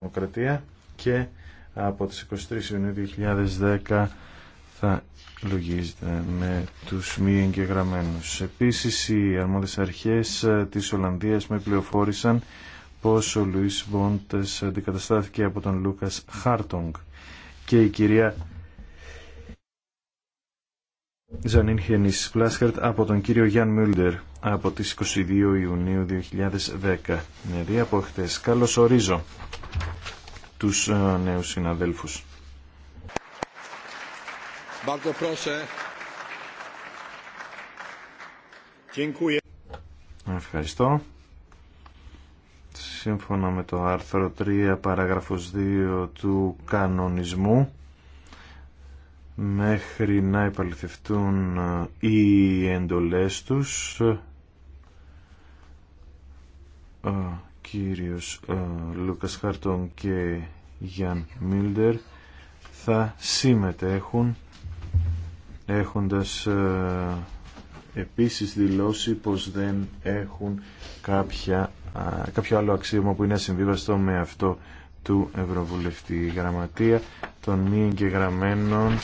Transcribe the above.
Δημοκρατία και από τις 23 Ιουνίου 2010 θα λογίζεται με τους μη εγγεγραμμένους. Επίσης οι αρμόδιες αρχές ε, της Ολλανδίας με πληροφόρησαν πως ο Λουίς Μπόντες αντικαταστάθηκε από τον Λούκας Χάρτονγκ και η κυρία Ζανίν Χενής από τον κύριο Γιάν Μιλντερ από τις 22 Ιουνίου 2010. δύο από χτες. Καλώς ορίζω τους ε, νέους συναδέλφους. Ευχαριστώ. Σύμφωνα με το άρθρο 3 παράγραφος 2 του κανονισμού μέχρι να υπαλληθευτούν ε, οι εντολές τους ο κύριος Λούκας Χαρτόν και Γιάν Μίλντερ θα συμμετέχουν έχοντας επίσης δηλώσει πως δεν έχουν κάποια, κάποιο άλλο αξίωμα που είναι ασυμβίβαστο με αυτό του Ευρωβουλευτή. γραμματεία των μη εγγεγραμμένων